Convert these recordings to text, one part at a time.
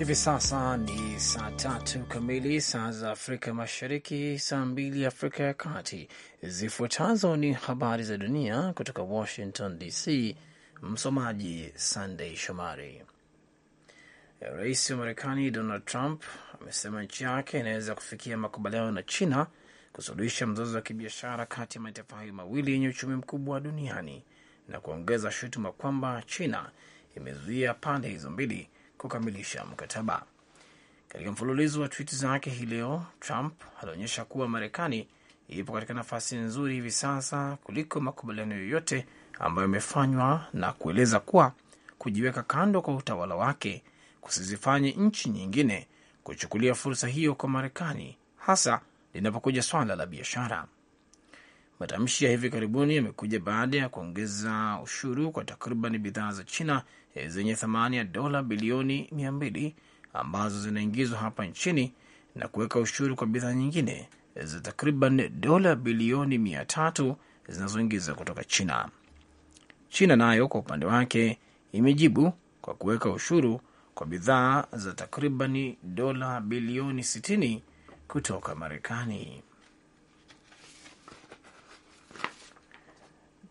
Hivi sasa ni saa tatu kamili saa za Afrika Mashariki, saa mbili Afrika ya Kati. Zifuatazo ni habari za dunia kutoka Washington DC. Msomaji Sandei Shomari. Rais wa Marekani Donald Trump amesema nchi yake inaweza kufikia makubaliano na China kusuluhisha mzozo wa kibiashara kati ya mataifa hayo mawili yenye uchumi mkubwa duniani na kuongeza shutuma kwamba China imezuia pande hizo mbili kukamilisha mkataba. Katika mfululizo wa twiti zake hii leo, Trump alionyesha kuwa Marekani ipo katika nafasi nzuri hivi sasa kuliko makubaliano yoyote ambayo imefanywa na kueleza kuwa kujiweka kando kwa utawala wake kusizifanye nchi nyingine kuchukulia fursa hiyo kwa Marekani, hasa linapokuja swala la biashara. Matamshi ya hivi karibuni yamekuja baada ya kuongeza ushuru kwa takriban bidhaa za China eh, zenye thamani ya dola bilioni mia mbili ambazo zinaingizwa hapa nchini na kuweka ushuru kwa bidhaa nyingine za takriban dola bilioni mia tatu zinazoingiza kutoka China. China nayo kwa upande wake imejibu kwa kuweka ushuru kwa bidhaa za takribani dola bilioni sitini kutoka Marekani.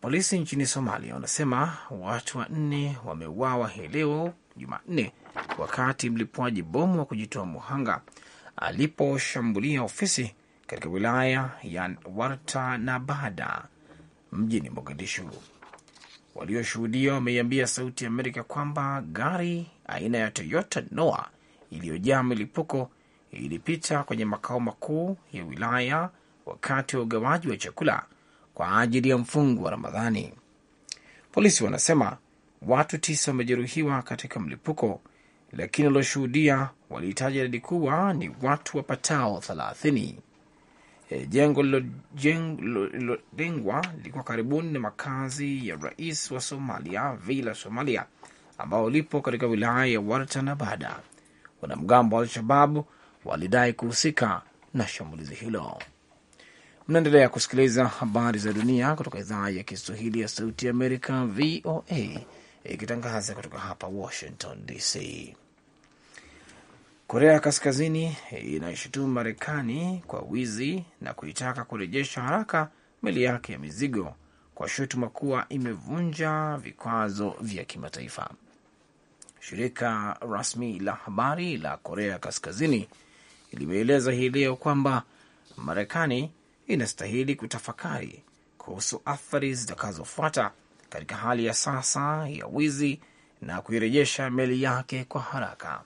Polisi nchini Somalia wanasema watu wanne wameuawa hii leo Jumanne wakati mlipuaji bomu wa kujitoa muhanga aliposhambulia ofisi katika wilaya ya warta Bada mjini Mogadishu. Walioshuhudia wameiambia Sauti ya Amerika kwamba gari aina ya Toyota noa iliyojaa milipuko ilipita kwenye makao makuu ya wilaya wakati wa ugawaji wa chakula kwa ajili ya mfungo wa Ramadhani. Polisi wanasema watu tisa wamejeruhiwa katika mlipuko, lakini walioshuhudia walihitaji idadi kuwa ni watu wapatao thelathini. E, jengo lililodengwa lilikuwa karibuni na makazi ya rais wa Somalia, Villa Somalia, ambao lipo katika wilaya ya Warta na Bada. Wanamgambo wa Al-Shababu walidai kuhusika na shambulizi hilo. Mnaendelea kusikiliza habari za dunia kutoka idhaa ya Kiswahili ya Sauti Amerika, VOA, ikitangaza kutoka hapa Washington DC. Korea ya Kaskazini inaishutumu Marekani kwa wizi na kuitaka kurejesha haraka meli yake ya mizigo kwa shutuma kuwa imevunja vikwazo vya kimataifa. Shirika rasmi la habari la Korea Kaskazini limeeleza hii leo kwamba Marekani inastahili kutafakari kuhusu athari zitakazofuata katika hali ya sasa ya wizi na kuirejesha meli yake kwa haraka.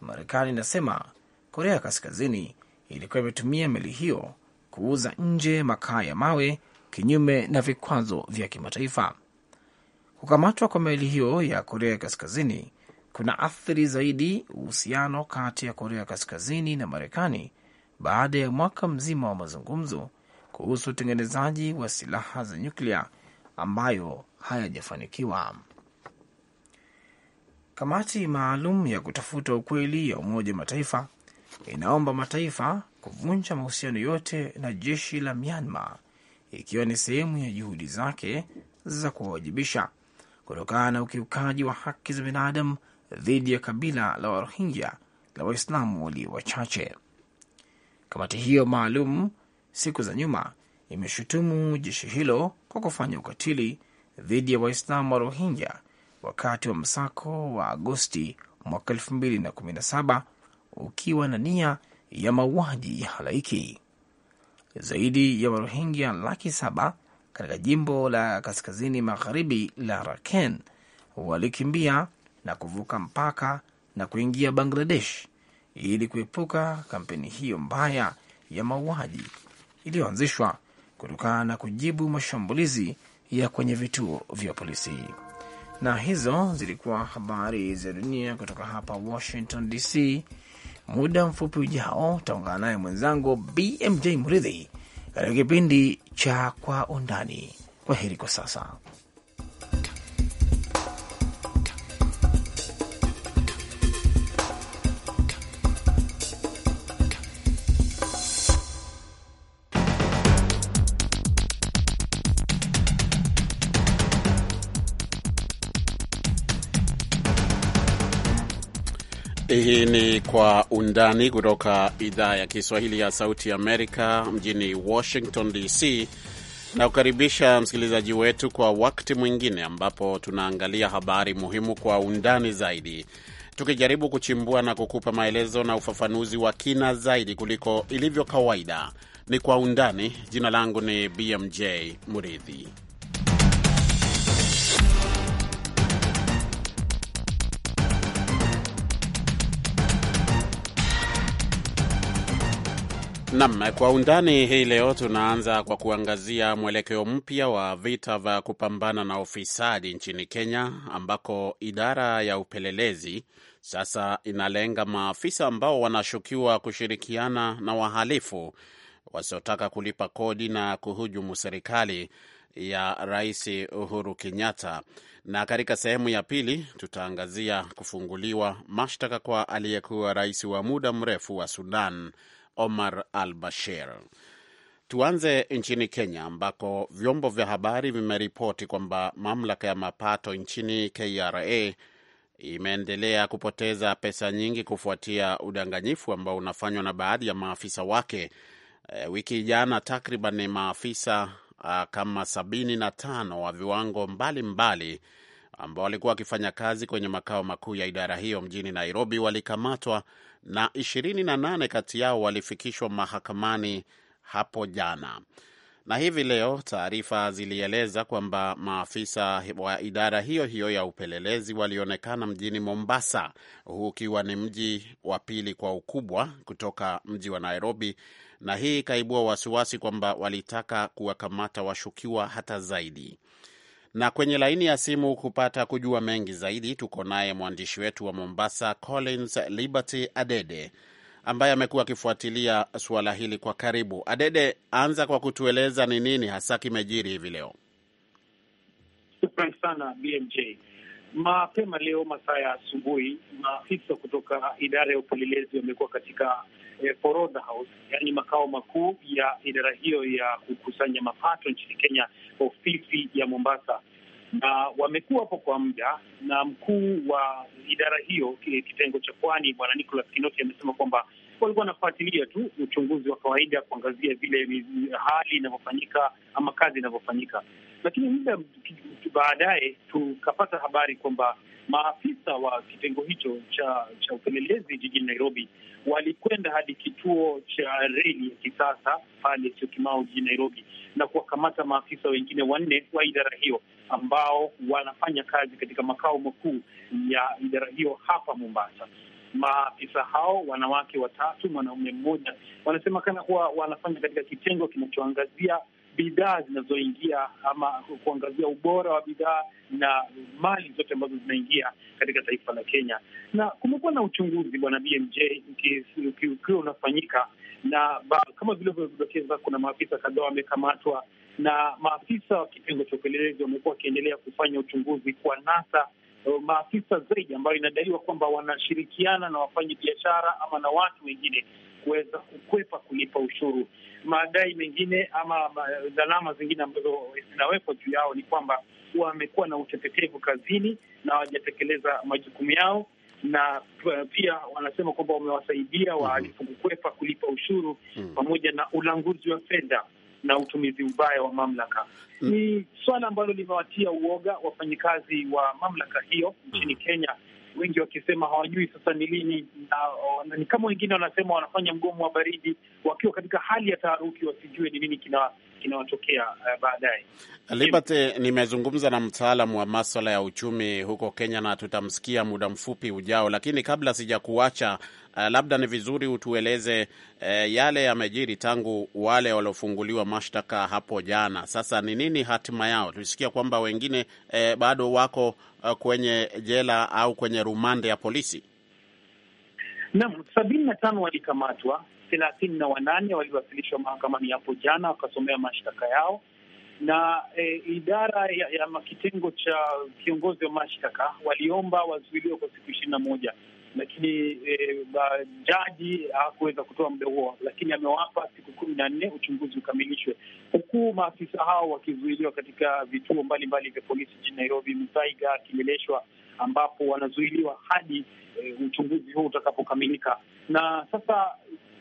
Marekani inasema Korea Kaskazini ilikuwa imetumia meli hiyo kuuza nje makaa ya mawe kinyume na vikwazo vya kimataifa. Kukamatwa kwa meli hiyo ya Korea Kaskazini kuna athiri zaidi uhusiano kati ya Korea Kaskazini na Marekani baada ya mwaka mzima wa mazungumzo kuhusu utengenezaji wa silaha za nyuklia ambayo hayajafanikiwa. Kamati maalum ya kutafuta ukweli ya Umoja wa Mataifa inaomba mataifa kuvunja mahusiano yote na jeshi la Myanmar ikiwa ni sehemu ya juhudi zake za kuwawajibisha kutokana na ukiukaji wa haki za binadamu dhidi ya kabila la Warohingya la Waislamu walio wachache. Kamati hiyo maalum siku za nyuma imeshutumu jeshi hilo kwa kufanya ukatili dhidi ya Waislamu wa Rohingya wakati wa msako wa Agosti mwaka 2017 ukiwa na nia ya mauaji ya halaiki. Zaidi ya Warohingya laki saba katika jimbo la kaskazini magharibi la Rakhine walikimbia na kuvuka mpaka na kuingia Bangladesh ili kuepuka kampeni hiyo mbaya ya mauaji iliyoanzishwa kutokana na kujibu mashambulizi ya kwenye vituo vya polisi. Na hizo zilikuwa habari za dunia kutoka hapa Washington DC. Muda mfupi ujao utaungana naye mwenzangu BMJ Mridhi katika kipindi cha Kwa Undani. Kwa heri kwa sasa. Hii ni Kwa Undani kutoka idhaa ya Kiswahili ya Sauti Amerika mjini Washington DC, na kukaribisha msikilizaji wetu kwa wakati mwingine ambapo tunaangalia habari muhimu kwa undani zaidi, tukijaribu kuchimbua na kukupa maelezo na ufafanuzi wa kina zaidi kuliko ilivyo kawaida. Ni Kwa Undani. Jina langu ni BMJ Muridhi. Nam kwa undani hii leo, tunaanza kwa kuangazia mwelekeo mpya wa vita vya kupambana na ufisadi nchini Kenya, ambako idara ya upelelezi sasa inalenga maafisa ambao wanashukiwa kushirikiana na wahalifu wasiotaka kulipa kodi na kuhujumu serikali ya Rais Uhuru Kenyatta. Na katika sehemu ya pili tutaangazia kufunguliwa mashtaka kwa aliyekuwa rais wa muda mrefu wa Sudan Omar al Bashir. Tuanze nchini Kenya ambako vyombo vya habari vimeripoti kwamba mamlaka ya mapato nchini KRA imeendelea kupoteza pesa nyingi kufuatia udanganyifu ambao unafanywa na baadhi ya maafisa wake. E, wiki jana takriban maafisa a, ah, kama sabini na tano wa viwango mbalimbali mbali, ambao walikuwa wakifanya kazi kwenye makao makuu ya idara hiyo mjini Nairobi walikamatwa na 28 kati yao walifikishwa mahakamani hapo jana. Na hivi leo taarifa zilieleza kwamba maafisa wa idara hiyo hiyo ya upelelezi walionekana mjini Mombasa, huu ukiwa ni mji wa pili kwa ukubwa kutoka mji wa Nairobi, na hii ikaibua wasiwasi kwamba walitaka kuwakamata washukiwa hata zaidi. Na kwenye laini ya simu kupata kujua mengi zaidi, tuko naye mwandishi wetu wa Mombasa, Collins Liberty Adede, ambaye amekuwa akifuatilia suala hili kwa karibu. Adede, anza kwa kutueleza ni nini hasa kimejiri hivi leo. sana BMJ. Mapema leo masaa ya asubuhi, maafisa kutoka idara ya upelelezi wamekuwa katika eh, Forodha House, yaani makao makuu ya idara hiyo ya kukusanya mapato nchini Kenya, ofisi ya Mombasa, na wamekuwa hapo kwa muda. Na mkuu wa idara hiyo kitengo cha pwani, Bwana Nicholas Kinoti, amesema kwamba walikuwa wanafuatilia tu uchunguzi wa kawaida, kuangazia vile eh, hali inavyofanyika ama kazi inavyofanyika. Lakini muda baadaye tukapata habari kwamba maafisa wa kitengo hicho cha cha upelelezi jijini Nairobi walikwenda hadi kituo cha reli ya kisasa pale Syokimau jijini Nairobi na kuwakamata maafisa wengine wanne wa idara hiyo ambao wanafanya kazi katika makao makuu ya idara hiyo hapa Mombasa. Maafisa hao wanawake watatu, mwanaume mmoja, wanasema kana kuwa wanafanya katika kitengo kinachoangazia bidhaa zinazoingia ama kuangazia ubora wa bidhaa na mali zote ambazo zinaingia katika taifa la Kenya. Na kumekuwa na uchunguzi bwana BMJ ukiwa unafanyika, na kama vile ulivyodokeza, kuna maafisa kadhaa wamekamatwa, na maafisa wa kitengo cha upelelezi wamekuwa wakiendelea kufanya uchunguzi kwa nasa Eh, maafisa zaidi ambayo inadaiwa kwamba wanashirikiana na wafanyi biashara ama na watu wengine kuweza kukwepa kulipa ushuru. Madai mengine ama dhalama zingine ambazo zinawekwa juu yao ni kwamba wamekuwa na utepetevu kazini na hawajatekeleza majukumu yao, na eh, pia wanasema kwamba wamewasaidia wahalifu kukwepa kulipa ushuru hmm. pamoja na ulanguzi wa fedha na utumizi ubaya wa mamlaka. Mm. Ni swala ambalo limewatia uoga wafanyikazi wa mamlaka hiyo nchini mm. Kenya, wengi wakisema hawajui sasa ni lini, na ni kama wengine wanasema wanafanya mgomo wa baridi wakiwa katika hali ya taharuki, wasijue ni nini kina kinawatokea uh, baadaye. Liberty, nimezungumza na mtaalamu wa maswala ya uchumi huko Kenya na tutamsikia muda mfupi ujao, lakini kabla sijakuacha, uh, labda ni vizuri utueleze uh, yale yamejiri tangu wale waliofunguliwa mashtaka hapo jana. Sasa ni nini hatima yao? Tulisikia kwamba wengine uh, bado wako uh, kwenye jela au kwenye rumande ya polisi. Naam, sabini na tano walikamatwa thelathini na wanane waliwasilishwa mahakamani hapo jana wakasomea mashtaka yao na e, idara ya, ya kitengo cha kiongozi wa mashtaka waliomba wazuiliwe kwa siku ishirini na moja lakini e, ba, jaji hakuweza kutoa muda huo, lakini amewapa siku kumi na nne uchunguzi ukamilishwe, huku maafisa hao wakizuiliwa katika vituo mbalimbali vya polisi jijini Nairobi, Muthaiga, Kileleshwa, ambapo wanazuiliwa hadi e, uchunguzi huo utakapokamilika. Na sasa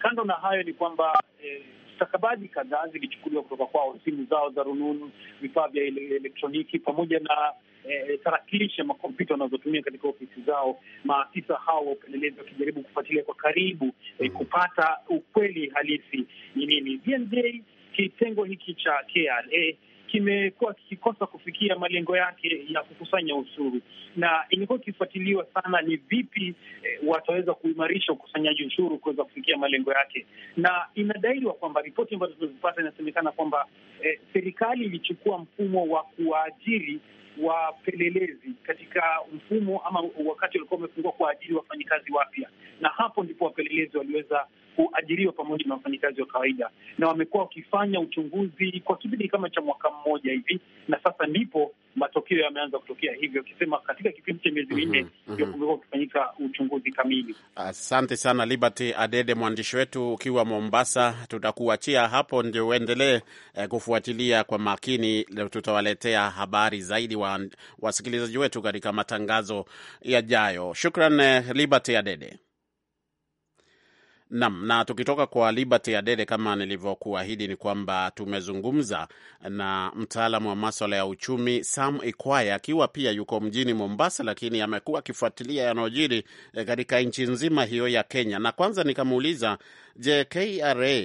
Kando na hayo ni kwamba eh, stakabadhi kadhaa zilichukuliwa kutoka kwao, simu zao za rununu, vifaa vya elektroniki pamoja na eh, tarakilishi ama kompyuta wanazotumia katika ofisi zao, maafisa hao wa upelelezi wakijaribu kufuatilia kwa karibu eh, kupata ukweli halisi ni nini. kitengo hiki cha KRA kimekuwa kikikosa kufikia malengo yake ya kukusanya ushuru, na imekuwa ikifuatiliwa sana ni vipi eh, wataweza kuimarisha ukusanyaji ushuru kuweza kufikia malengo yake, na inadaiwa kwamba ripoti ambazo tulizipata inasemekana kwamba eh, serikali ilichukua mfumo wa kuwaajiri wapelelezi katika mfumo ama wakati walikuwa wamefungua kuwaajiri wafanyikazi wapya, na hapo ndipo wapelelezi waliweza kuajiriwa pamoja na wafanyikazi wa kawaida, na wamekuwa wakifanya uchunguzi kwa kipindi kama cha mwaka mmoja hivi, na sasa ndipo matokeo yameanza kutokea, hivyo akisema katika kipindi cha miezi minne mhm, mhm. ndio kumekuwa kukifanyika uchunguzi kamili. Asante sana Liberty Adede, mwandishi wetu ukiwa Mombasa. Tutakuachia hapo ndio uendelee eh, kufuatilia kwa makini. Tutawaletea habari zaidi wa wasikilizaji wetu katika matangazo yajayo. Shukran eh, Liberty Adede. Nam na tukitoka kwa Liberty Adede, kama nilivyokuahidi, ni kwamba tumezungumza na mtaalamu wa maswala ya uchumi Sam Ikwaya akiwa pia yuko mjini Mombasa, lakini amekuwa akifuatilia yanayojiri eh, katika nchi nzima hiyo ya Kenya, na kwanza nikamuuliza, je, KRA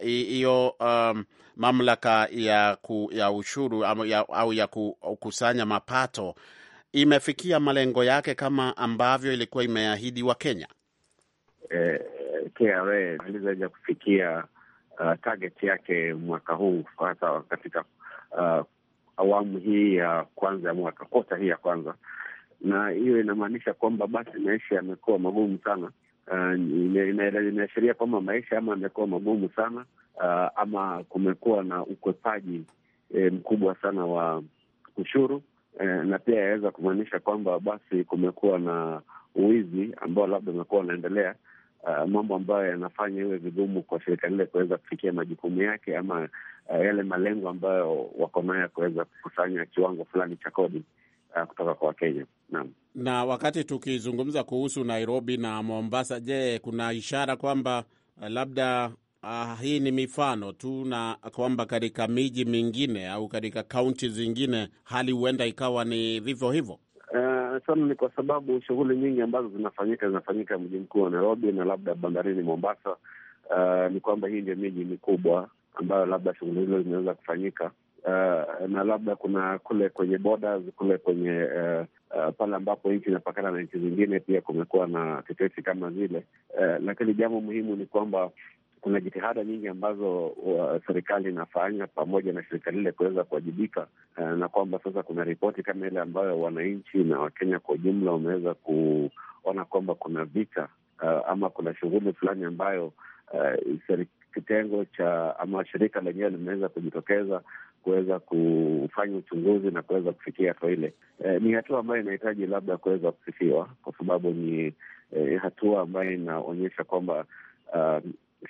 hiyo eh, uh, um, mamlaka ya, ku, ya ushuru au ya, au ya kukusanya mapato imefikia malengo yake kama ambavyo ilikuwa imeahidi wa Kenya? Eh, KRA alizoweza kufikia uh, target yake mwaka huu hasa katika uh, awamu hii ya kwanza ya mwaka kota hii ya kwanza, na hiyo inamaanisha kwamba basi maisha yamekuwa magumu sana. Uh, inaashiria kwamba maisha ama yamekuwa magumu sana uh, ama kumekuwa na ukwepaji eh, mkubwa sana wa ushuru eh, na pia yaweza kumaanisha kwamba basi kumekuwa na uwizi ambao labda umekuwa unaendelea uh, mambo ambayo yanafanya iwe vigumu kwa serikali ile kuweza kufikia majukumu yake ama uh, yale malengo ambayo wako nayo ya kuweza kukusanya kiwango fulani cha kodi uh, kutoka kwa Wakenya. Naam. Na wakati tukizungumza kuhusu Nairobi na Mombasa, je, kuna ishara kwamba uh, labda Uh, hii ni mifano tu na kwamba katika miji mingine au katika kaunti zingine hali huenda ikawa ni vivyo hivyo sana ni kwa sababu shughuli nyingi ambazo zinafanyika zinafanyika mji mkuu wa Nairobi na labda bandarini Mombasa. Uh, ni kwamba hii ndio miji mikubwa ambayo labda shughuli hizo zinaweza kufanyika. Uh, na labda kuna kule kwenye borders, kule kwenye uh, uh, pale ambapo nchi inapakana na nchi zingine, pia kumekuwa na tetesi kama zile uh, lakini jambo muhimu ni kwamba kuna jitihada nyingi ambazo uh, serikali inafanya pamoja na shirika lile kuweza kuwajibika, uh, na kwamba sasa kuna ripoti kama ile ambayo wananchi na Wakenya kwa ujumla wameweza kuona kwamba kuna vita uh, ama kuna shughuli fulani ambayo uh, kitengo cha ama shirika lenyewe limeweza kujitokeza kuweza kufanya uchunguzi na kuweza kufikia hatua ile. E, ni hatua ambayo inahitaji labda kuweza kusifiwa kwa sababu ni e, hatua ambayo inaonyesha kwamba uh,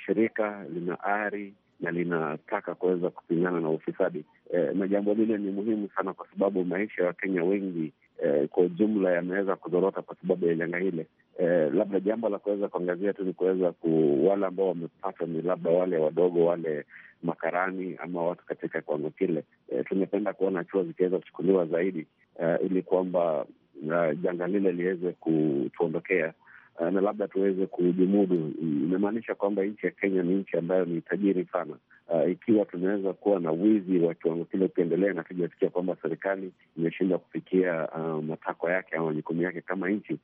shirika lina ari na linataka kuweza kupingana na ufisadi e, na jambo lile ni muhimu sana, kwa sababu maisha ya Wakenya wengi e, kwa ujumla yameweza kuzorota kwa sababu ya janga hile. E, eh, labda jambo la kuweza kuangazia tu ni kuweza ku wale ambao wamepatwa ni labda wale wadogo, wale makarani ama watu katika kiwango kile. E, tumependa kuona chuo zikiweza kuchukuliwa zaidi e, ili kwamba janga lile liweze kutuondokea Eh, na labda tuweze kujimudu. Inamaanisha kwamba nchi ya Kenya ni nchi ambayo ni tajiri sana. Uh, ikiwa tunaweza kuwa na wizi wa kiwango kile ukiendelea, na tujafikia kwamba serikali imeshindwa kufikia uh, matakwa yake au majukumu yake kama nchi,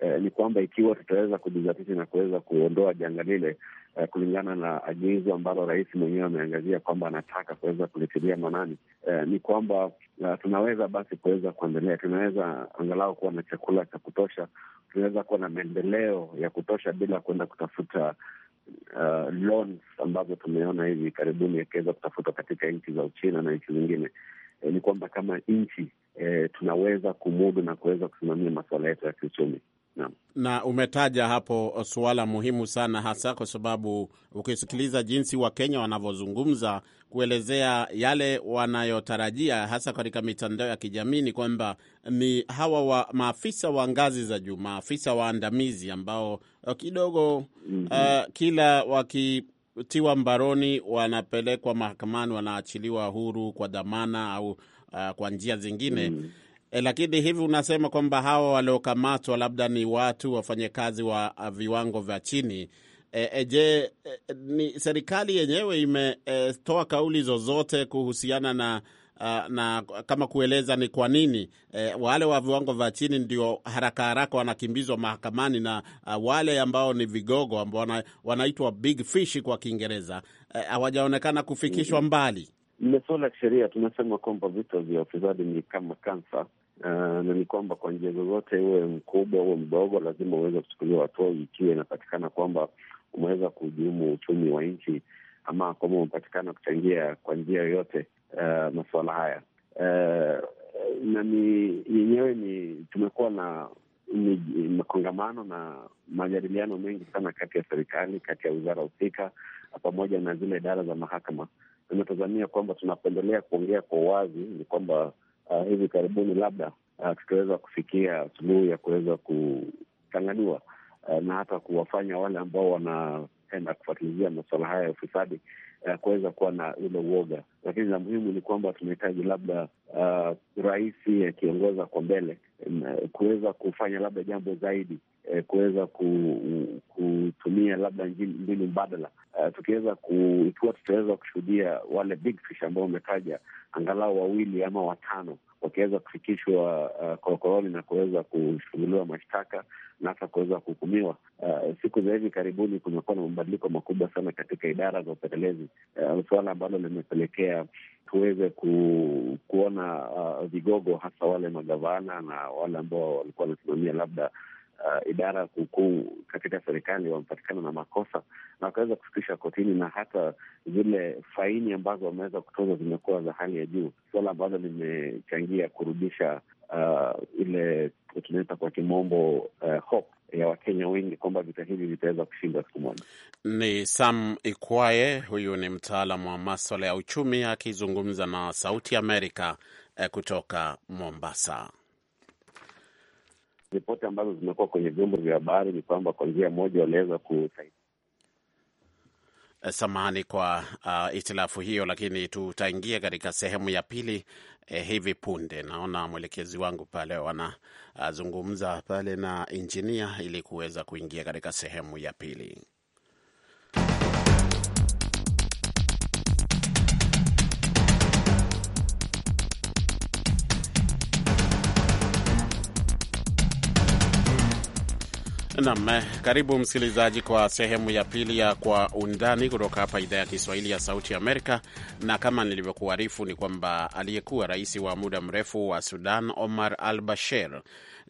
eh, ni kwamba ikiwa tutaweza kujizatiti na kuweza kuondoa janga lile eh, kulingana na agizo ambalo rais mwenyewe ameangazia kwamba anataka kuweza kulitilia manani eh, ni kwamba eh, tunaweza basi kuweza kuendelea, tunaweza angalau kuwa na chakula cha kutosha, tunaweza kuwa na maendeleo ya kutosha bila kuenda kutafuta Uh, loans ambazo tumeona hivi karibuni yakiweza kutafutwa katika nchi za Uchina na nchi zingine. E, ni kwamba kama nchi e, tunaweza kumudu na kuweza kusimamia masuala yetu ya kiuchumi na. umetaja hapo suala muhimu sana, hasa kwa sababu ukisikiliza jinsi Wakenya wanavyozungumza kuelezea yale wanayotarajia hasa katika mitandao ya kijamii ni kwamba ni hawa wa maafisa wa ngazi za juu, maafisa waandamizi ambao eh, kidogo mm -hmm. uh, kila waki tiwa mbaroni wanapelekwa mahakamani, wanaachiliwa huru kwa dhamana au uh, kwa njia zingine mm. E, lakini hivi unasema kwamba hawa waliokamatwa labda ni watu wafanyakazi wa uh, viwango vya chini. E, e, je, e, ni serikali yenyewe imetoa e, kauli zozote kuhusiana na uh, na kama kueleza ni kwa nini e, wale wa viwango vya chini ndio haraka haraka wanakimbizwa mahakamani na a, uh, wale ambao ni vigogo ambao wana, wanaitwa big fish kwa Kiingereza hawajaonekana e, kufikishwa mbali. Masuala ya kisheria tunasema kwamba vita vya ufisadi ni kama kansa, eh, na ni kwamba kwa njia zozote, uwe mkubwa uwe mdogo, lazima uweze kuchukuliwa hatua ikiwa inapatikana kwamba umeweza kuhujumu uchumi wa nchi ama kwamba umepatikana kuchangia kwa njia yoyote uh, masuala haya uh, na ni yenyewe ni tumekuwa na makongamano na majadiliano mengi sana kati ya serikali, kati ya wizara husika pamoja na zile idara za mahakama tunatazamia kwamba tunapendelea kuongea kwa uwazi ni kwamba uh, hivi karibuni labda uh, tutaweza kufikia suluhu ya kuweza kuchanganua uh, na hata kuwafanya wale ambao wanaenda kufuatilizia masuala haya ya ufisadi uh, kuweza kuwa na ule uoga. Lakini la muhimu ni kwamba tunahitaji labda uh, rais akiongoza kwa mbele um, kuweza kufanya labda jambo zaidi eh, kuweza kutumia labda mbinu mbadala. eh, tukiweza ikiwa tutaweza kushuhudia wale big fish ambao wametaja angalau wawili ama watano wakiweza kufikishwa uh, korokoroni na kuweza kushughuliwa mashtaka na hata kuweza kuhukumiwa. Uh, siku za hivi karibuni kumekuwa na mabadiliko makubwa sana katika idara za upelelezi uh, suala ambalo limepelekea tuweze ku, kuona uh, vigogo hasa wale magavana na wale ambao walikuwa wanasimamia labda uh, idara kuukuu katika serikali wamepatikana na makosa na wakaweza kufikisha kotini, na hata zile faini ambazo wameweza kutoza zimekuwa za hali ya juu, suala ambalo limechangia kurudisha uh, ile tunaita kwa kimombo uh, hope ya Wakenya wengi kwamba vita hivi vitaweza kushindwa siku moja. Ni Sam Ikwaye, huyu ni mtaalamu wa maswala ya uchumi akizungumza na Sauti Amerika eh, kutoka Mombasa ripoti ambazo zimekuwa kwenye vyombo vya habari ni kwamba kwa njia moja waliweza kusaidia eh, Samahani kwa uh, itilafu hiyo, lakini tutaingia katika sehemu ya pili eh, hivi punde. Naona mwelekezi wangu pale wanazungumza ah, uh, pale na injinia ili kuweza kuingia katika sehemu ya pili. Nam, eh, karibu msikilizaji kwa sehemu ya pili ya Kwa Undani kutoka hapa idhaa ya Kiswahili ya Sauti Amerika. Na kama nilivyokuarifu ni kwamba aliyekuwa rais wa muda mrefu wa Sudan Omar al Bashir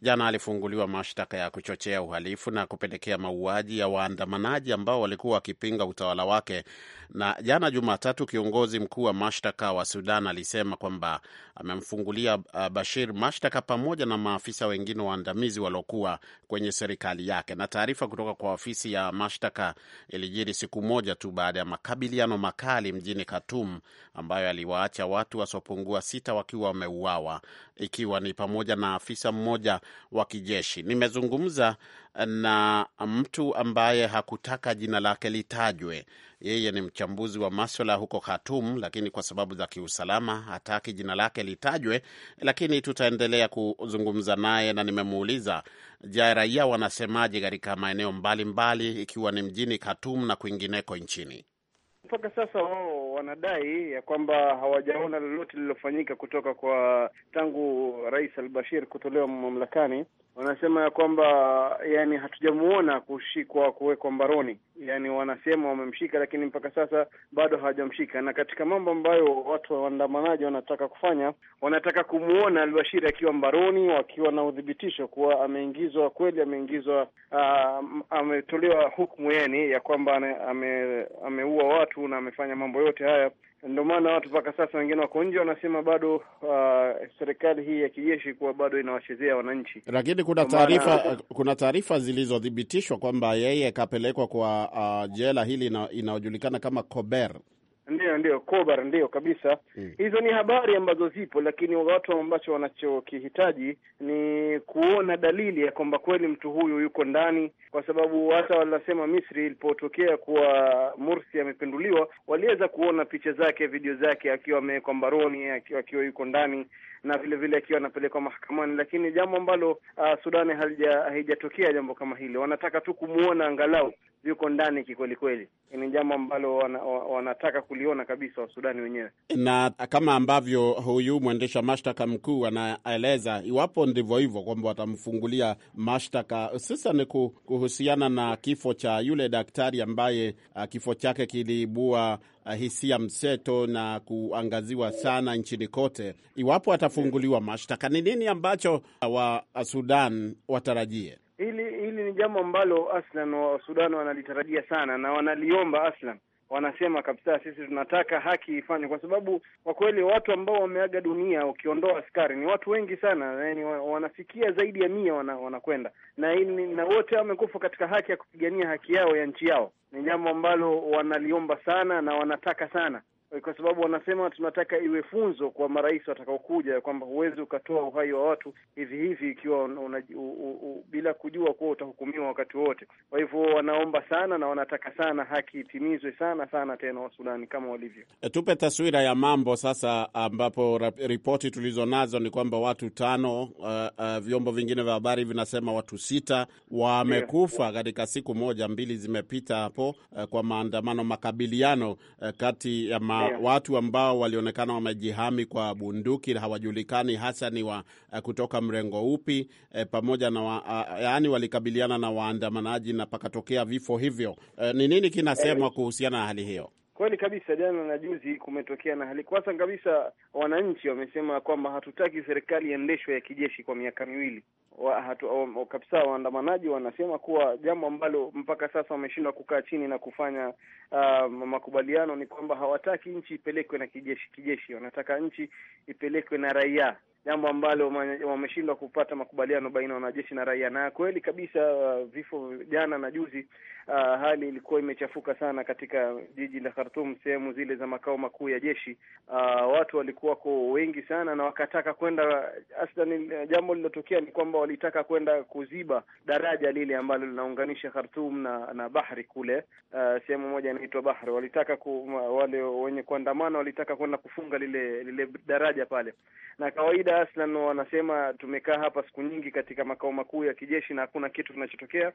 jana alifunguliwa mashtaka ya kuchochea uhalifu na kupelekea mauaji ya waandamanaji ambao walikuwa wakipinga utawala wake. Na jana Jumatatu, kiongozi mkuu wa mashtaka wa Sudan alisema kwamba amemfungulia uh, Bashir mashtaka pamoja na maafisa wengine waandamizi waliokuwa kwenye serikali yake. Na taarifa kutoka kwa ofisi ya mashtaka ilijiri siku moja tu baada ya makabiliano makali mjini Khartoum ambayo aliwaacha watu wasiopungua sita wakiwa wameuawa, ikiwa ni pamoja na afisa mmoja wa kijeshi. Nimezungumza na mtu ambaye hakutaka jina lake litajwe. Yeye ni mchambuzi wa maswala huko Khartoum, lakini kwa sababu za kiusalama hataki jina lake litajwe, lakini tutaendelea kuzungumza naye na nimemuuliza, je, raia wanasemaje katika maeneo mbalimbali ikiwa ni mjini Khartoum na kwingineko nchini mpaka sasa wao wanadai ya kwamba hawajaona lolote lililofanyika kutoka kwa tangu Rais al-Bashir kutolewa mamlakani wanasema ya kwamba yani hatujamuona kushikwa kuwekwa mbaroni, yani wanasema wamemshika, lakini mpaka sasa bado hawajamshika. Na katika mambo ambayo watu waandamanaji wanataka kufanya, wanataka kumwona Albashiri akiwa mbaroni, wakiwa na udhibitisho kuwa ameingizwa kweli, ameingizwa, ah, ametolewa hukumu yani ya kwamba ameua ame watu na amefanya mambo yote haya ndio maana watu mpaka sasa wengine wako nje wanasema bado uh, serikali hii ya kijeshi kuwa bado inawachezea wananchi. Lakini kuna taarifa kuna taarifa zilizothibitishwa kwamba yeye akapelekwa kwa uh, jela hili inayojulikana kama Kober ndio, ndio Kobar, ndio kabisa hmm. Hizo ni habari ambazo zipo, lakini watu ambacho wanachokihitaji ni kuona dalili ya kwamba kweli mtu huyu yuko ndani, kwa sababu hata wanasema Misri ilipotokea kuwa Mursi amepinduliwa, waliweza kuona picha zake, video zake akiwa amewekwa mbaroni, akiwa yuko ndani na vile vile akiwa anapelekwa mahakamani, lakini jambo ambalo uh, Sudani haijatokea jambo kama hilo. Wanataka tu kumwona angalau yuko ndani kikweli kweli. Ni jambo ambalo wana, wanataka kuliona kabisa Wasudani wenyewe, na kama ambavyo huyu mwendesha mashtaka mkuu anaeleza, iwapo ndivyo hivyo kwamba watamfungulia mashtaka hususan kuhusiana na kifo cha yule daktari ambaye uh, kifo chake kiliibua Ah, hisia mseto na kuangaziwa sana nchini kote. Iwapo atafunguliwa mashtaka, ni nini ambacho ah, wa ah, Sudan watarajie? Hili hili ni jambo ambalo aslan wa Sudan wanalitarajia sana na wanaliomba aslan wanasema kabisa, sisi tunataka haki ifanywe, kwa sababu kwa kweli watu ambao wameaga dunia, ukiondoa askari, ni watu wengi sana, yani wanafikia zaidi ya mia wanakwenda wana na, na wote wamekufa katika haki ya kupigania haki yao ya nchi yao. Ni jambo ambalo wanaliomba sana na wanataka sana Eh, kwa sababu wanasema tunataka iwe funzo kwa marais watakaokuja, kwamba huwezi ukatoa uhai wa watu hivi hivi ikiwa una, una, u, u, bila kujua kuwa utahukumiwa wakati wote. Kwa hivyo wanaomba sana na wanataka sana haki itimizwe sana sana tena Wasudani kama walivyo. Eh, tupe taswira ya mambo sasa, ambapo ripoti tulizonazo ni kwamba watu tano, uh, uh, vyombo vingine vya habari vinasema watu sita wamekufa katika siku moja, mbili zimepita hapo, uh, kwa maandamano makabiliano uh, kati ya ma yeah. watu ambao walionekana wamejihami kwa bunduki hawajulikani hasa ni wa eh, kutoka mrengo upi e, pamoja na wa, a, ah, ah, yani walikabiliana na waandamanaji na pakatokea vifo hivyo. Eh, ni e, nini kinasemwa kuhusiana na hali hiyo? Kweli kabisa, jana na juzi kumetokea na hali. Kwanza kabisa, wananchi wamesema kwamba hatutaki serikali iendeshwe ya kijeshi kwa miaka miwili. kabisa waandamanaji wanasema kuwa jambo ambalo mpaka sasa wameshindwa kukaa chini na kufanya uh, makubaliano ni kwamba hawataki nchi ipelekwe na kijeshi kijeshi, wanataka nchi ipelekwe na raia jambo ambalo wameshindwa kupata makubaliano baina ya wanajeshi na raia. Na kweli kabisa, uh, vifo jana na juzi, uh, hali ilikuwa imechafuka sana katika jiji la Khartoum, sehemu zile za makao makuu ya jeshi. Uh, watu ko wengi sana na wakataka kwenda aslan. Jambo lililotokea ni kwamba walitaka kwenda kuziba daraja lile ambalo linaunganisha Khartoum na na bahari kule, uh, sehemu moja inaitwa Bahari. Walitaka ku, wale wenye kuandamana walitaka kwenda kufunga lile lile daraja pale, na kawaida kawaida Aslan wanasema tumekaa hapa siku nyingi katika makao makuu ya kijeshi na hakuna kitu kinachotokea.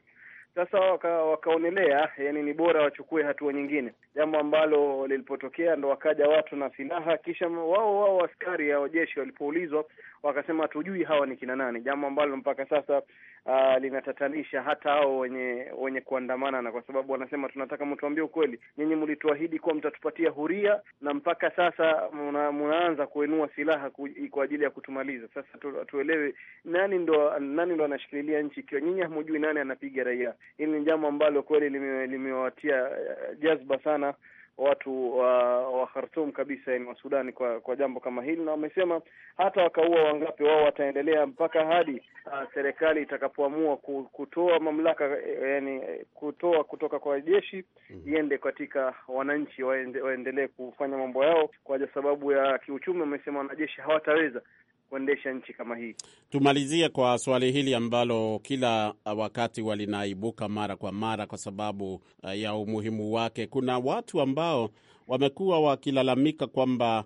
Sasa waka, wakaonelea yani ni bora wachukue hatua wa nyingine, jambo ambalo lilipotokea ndo wakaja watu na silaha, kisha wao wao askari au jeshi walipoulizwa wakasema hatujui hawa ni kina nani, jambo ambalo mpaka sasa uh, ah, linatatanisha hata hao wenye wenye kuandamana, na kwa sababu wanasema tunataka mtuambie ukweli, nyinyi mlituahidi kuwa mtatupatia huria na mpaka sasa mnaanza munaanza silaha ku, kwa ajili ya kutumaliza. Sasa tu, tuelewe nani ndo nani ndo anashikililia nchi ikiwa nyinyi hamujui nani anapiga raia. Hili ni jambo ambalo kweli limewatia eh, jazba sana watu wa, wa Khartoum kabisa, yani wa Sudani kwa, kwa jambo kama hili, na wamesema hata wakaua wangapi, wao wataendelea mpaka hadi uh, serikali itakapoamua kutoa mamlaka, eh, yani kutoa kutoka kwa jeshi mhm. iende katika wananchi, waendelee kufanya mambo yao kwa sababu ya kiuchumi. Wamesema wanajeshi hawataweza kuendesha nchi kama hii. Tumalizie kwa swali hili ambalo kila wakati walinaibuka mara kwa mara kwa sababu eh, ya umuhimu wake. Kuna watu ambao wamekuwa wakilalamika kwamba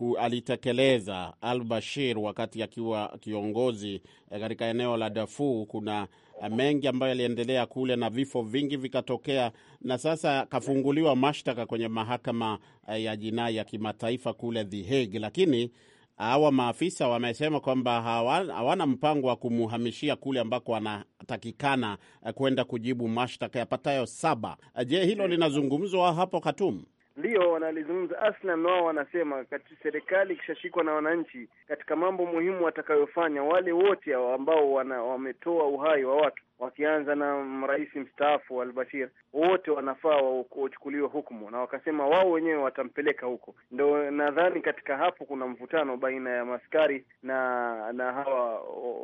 uh, alitekeleza Al Bashir wakati akiwa kiongozi eh, katika eneo la Darfur. Kuna mengi ambayo yaliendelea kule na vifo vingi vikatokea, na sasa kafunguliwa mashtaka kwenye mahakama ya jinai ya kimataifa kule The Hague, lakini hawa maafisa wamesema kwamba hawana mpango wa kumhamishia kule ambako anatakikana eh, kwenda kujibu mashtaka yapatayo saba. Je, hilo linazungumzwa hapo Khartoum? Ndiyo, wanalizungumza aslan. Wao wanasema kati serikali ikishashikwa na wananchi katika mambo muhimu watakayofanya, wale wote ambao wametoa uhai wa watu wakianza na rais mstaafu Albashir, wote wanafaa wachukuliwe hukumu, na wakasema wao wenyewe watampeleka huko. Ndo nadhani katika hapo kuna mvutano baina ya maskari na na hawa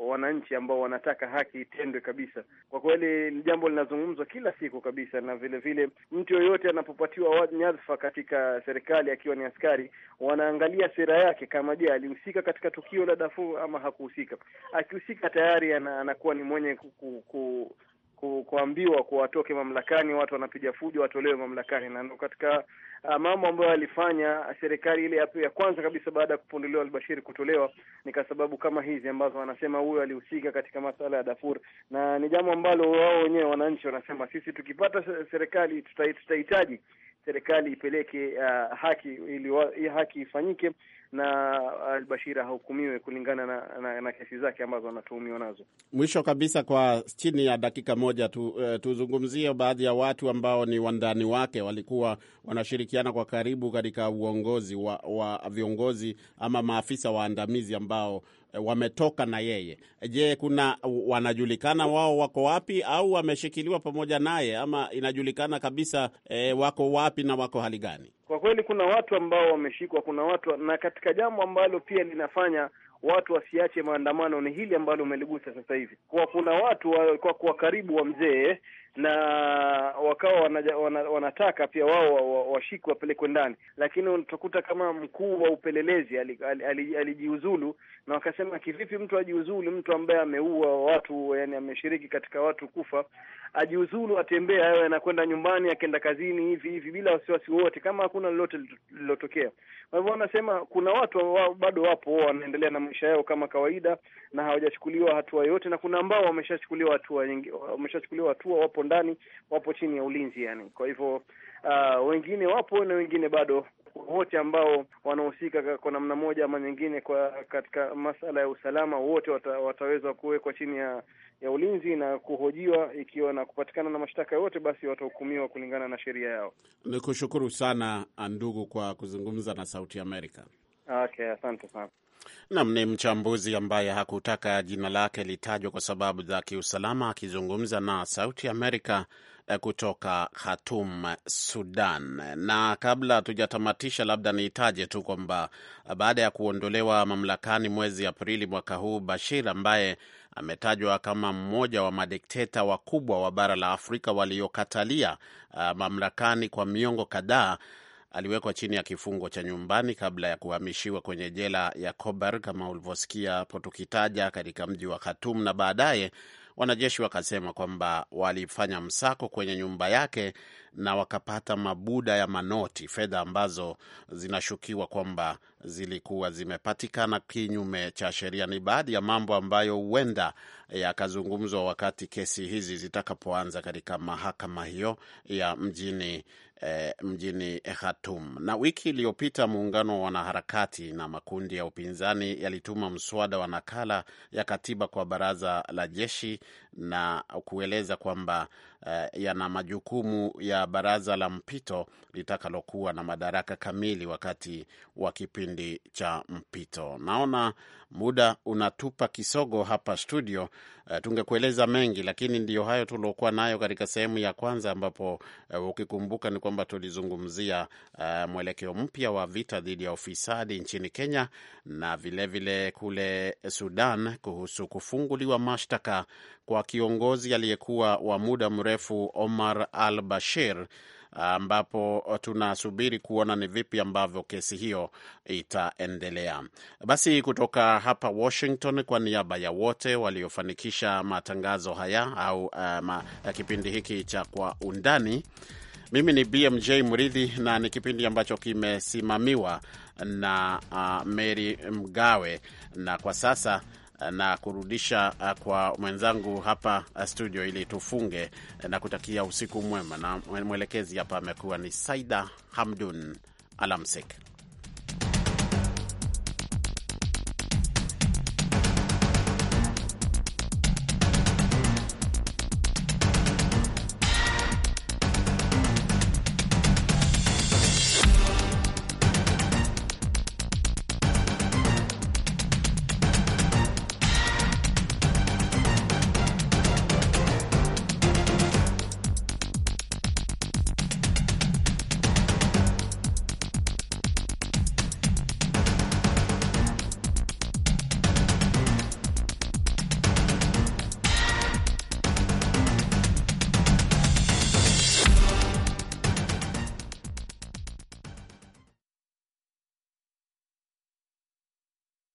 wananchi ambao wanataka haki itendwe kabisa. Kwa kweli jambo linazungumzwa kila siku kabisa, na vilevile mtu yoyote anapopatiwa nyadhifa katika serikali akiwa ni askari, wanaangalia sera yake, kama je, alihusika katika tukio la Darfur ama hakuhusika. Akihusika tayari anakuwa ni mwenye ku, ku, ku, kuambiwa kuwa watoke mamlakani, watu wanapiga fujo, watolewe mamlakani. Na ndo katika uh, mambo ambayo alifanya serikali ile ya, ya kwanza kabisa baada ya kupondolewa Albashiri kutolewa ni kwa sababu kama hizi ambazo wanasema huyo alihusika katika masuala ya Darfur, na ni jambo ambalo wao wenyewe wananchi wanasema, sisi tukipata serikali tutahitaji serikali ipeleke uh, haki ili haki ifanyike na uh, Albashira hahukumiwe kulingana na, na, na kesi zake ambazo anatuhumiwa nazo. Mwisho kabisa, kwa chini ya dakika moja tu, uh, tuzungumzie baadhi ya watu ambao ni wandani wake walikuwa wanashirikiana kwa karibu katika uongozi wa, wa viongozi ama maafisa waandamizi ambao Eh, wametoka na yeye. Je, kuna wanajulikana wao wako wapi, au wameshikiliwa pamoja naye, ama inajulikana kabisa e, wako wapi na wako hali gani? Kwa kweli kuna watu ambao wameshikwa, kuna watu na katika jambo ambalo pia linafanya watu wasiache maandamano ni hili ambalo umeligusa sasa hivi, kwa kuna watu wa, kwa, kwa karibu wa mzee na wakawa wanataka pia wao washikwe wapelekwe ndani, lakini utakuta kama mkuu wa upelelezi alijiuzulu, na wakasema kivipi mtu ajiuzulu, mtu ambaye ameua watu, yani ameshiriki katika watu kufa, ajiuzulu, atembee, awe anakwenda nyumbani, akienda kazini hivi hivi bila wasiwasi wowote, kama hakuna lolote lililotokea. Kwa hivyo wanasema kuna watu wa, bado wapo wanaendelea na maisha yao kama kawaida na hawajachukuliwa hatua yoyote, na kuna ambao wameshachukuliwa hatua, wameshachukuliwa hatua, wapo ndani wapo chini ya ulinzi yani. Kwa hivyo uh, wengine wapo na wengine bado wote ambao wanahusika kwa namna moja ama nyingine kwa katika masala ya usalama wote wata, wataweza kuwekwa chini ya, ya ulinzi na kuhojiwa. Ikiwa na kupatikana na mashtaka yote, basi watahukumiwa kulingana na sheria yao. kushukuru sana ndugu kwa kuzungumza na Sauti Amerika. Okay, asante sana. Nam ni mchambuzi ambaye hakutaka jina lake litajwa kwa sababu za kiusalama, akizungumza na Sauti Amerika eh, kutoka Khartoum, Sudan. Na kabla hatujatamatisha, labda niitaje tu kwamba eh, baada ya kuondolewa mamlakani mwezi Aprili mwaka huu, Bashir ambaye ametajwa kama mmoja wa madikteta wakubwa wa bara la Afrika waliokatalia eh, mamlakani kwa miongo kadhaa aliwekwa chini ya kifungo cha nyumbani kabla ya kuhamishiwa kwenye jela ya Kobar kama ulivyosikia hapo tukitaja, katika mji wa Khartoum, na baadaye wanajeshi wakasema kwamba walifanya msako kwenye nyumba yake na wakapata mabuda ya manoti, fedha ambazo zinashukiwa kwamba zilikuwa zimepatikana kinyume cha sheria. Ni baadhi ya mambo ambayo huenda yakazungumzwa wakati kesi hizi zitakapoanza katika mahakama hiyo ya mjini eh, mjini Khartoum. Na wiki iliyopita muungano wa wanaharakati na makundi ya upinzani yalituma mswada wa nakala ya katiba kwa baraza la jeshi na kueleza kwamba uh, yana majukumu ya baraza la mpito litakalokuwa na madaraka kamili wakati wa kipindi cha mpito. Naona muda unatupa kisogo hapa studio. Uh, tungekueleza mengi, lakini ndiyo hayo tuliokuwa nayo katika sehemu ya kwanza, ambapo uh, ukikumbuka ni kwamba tulizungumzia uh, mwelekeo mpya wa vita dhidi ya ufisadi nchini Kenya na vilevile vile kule Sudan kuhusu kufunguliwa mashtaka kwa kiongozi aliyekuwa wa muda mrefu Omar al Bashir, ambapo tunasubiri kuona ni vipi ambavyo kesi hiyo itaendelea. Basi kutoka hapa Washington, kwa niaba ya wote waliofanikisha matangazo haya au um, kipindi hiki cha Kwa Undani, mimi ni BMJ Mridhi na ni kipindi ambacho kimesimamiwa na uh, Mary Mgawe na kwa sasa na kurudisha uh, kwa mwenzangu hapa uh, studio ili tufunge uh, na kutakia usiku mwema, na mwelekezi hapa amekuwa ni Saida Hamdun. Alamsik.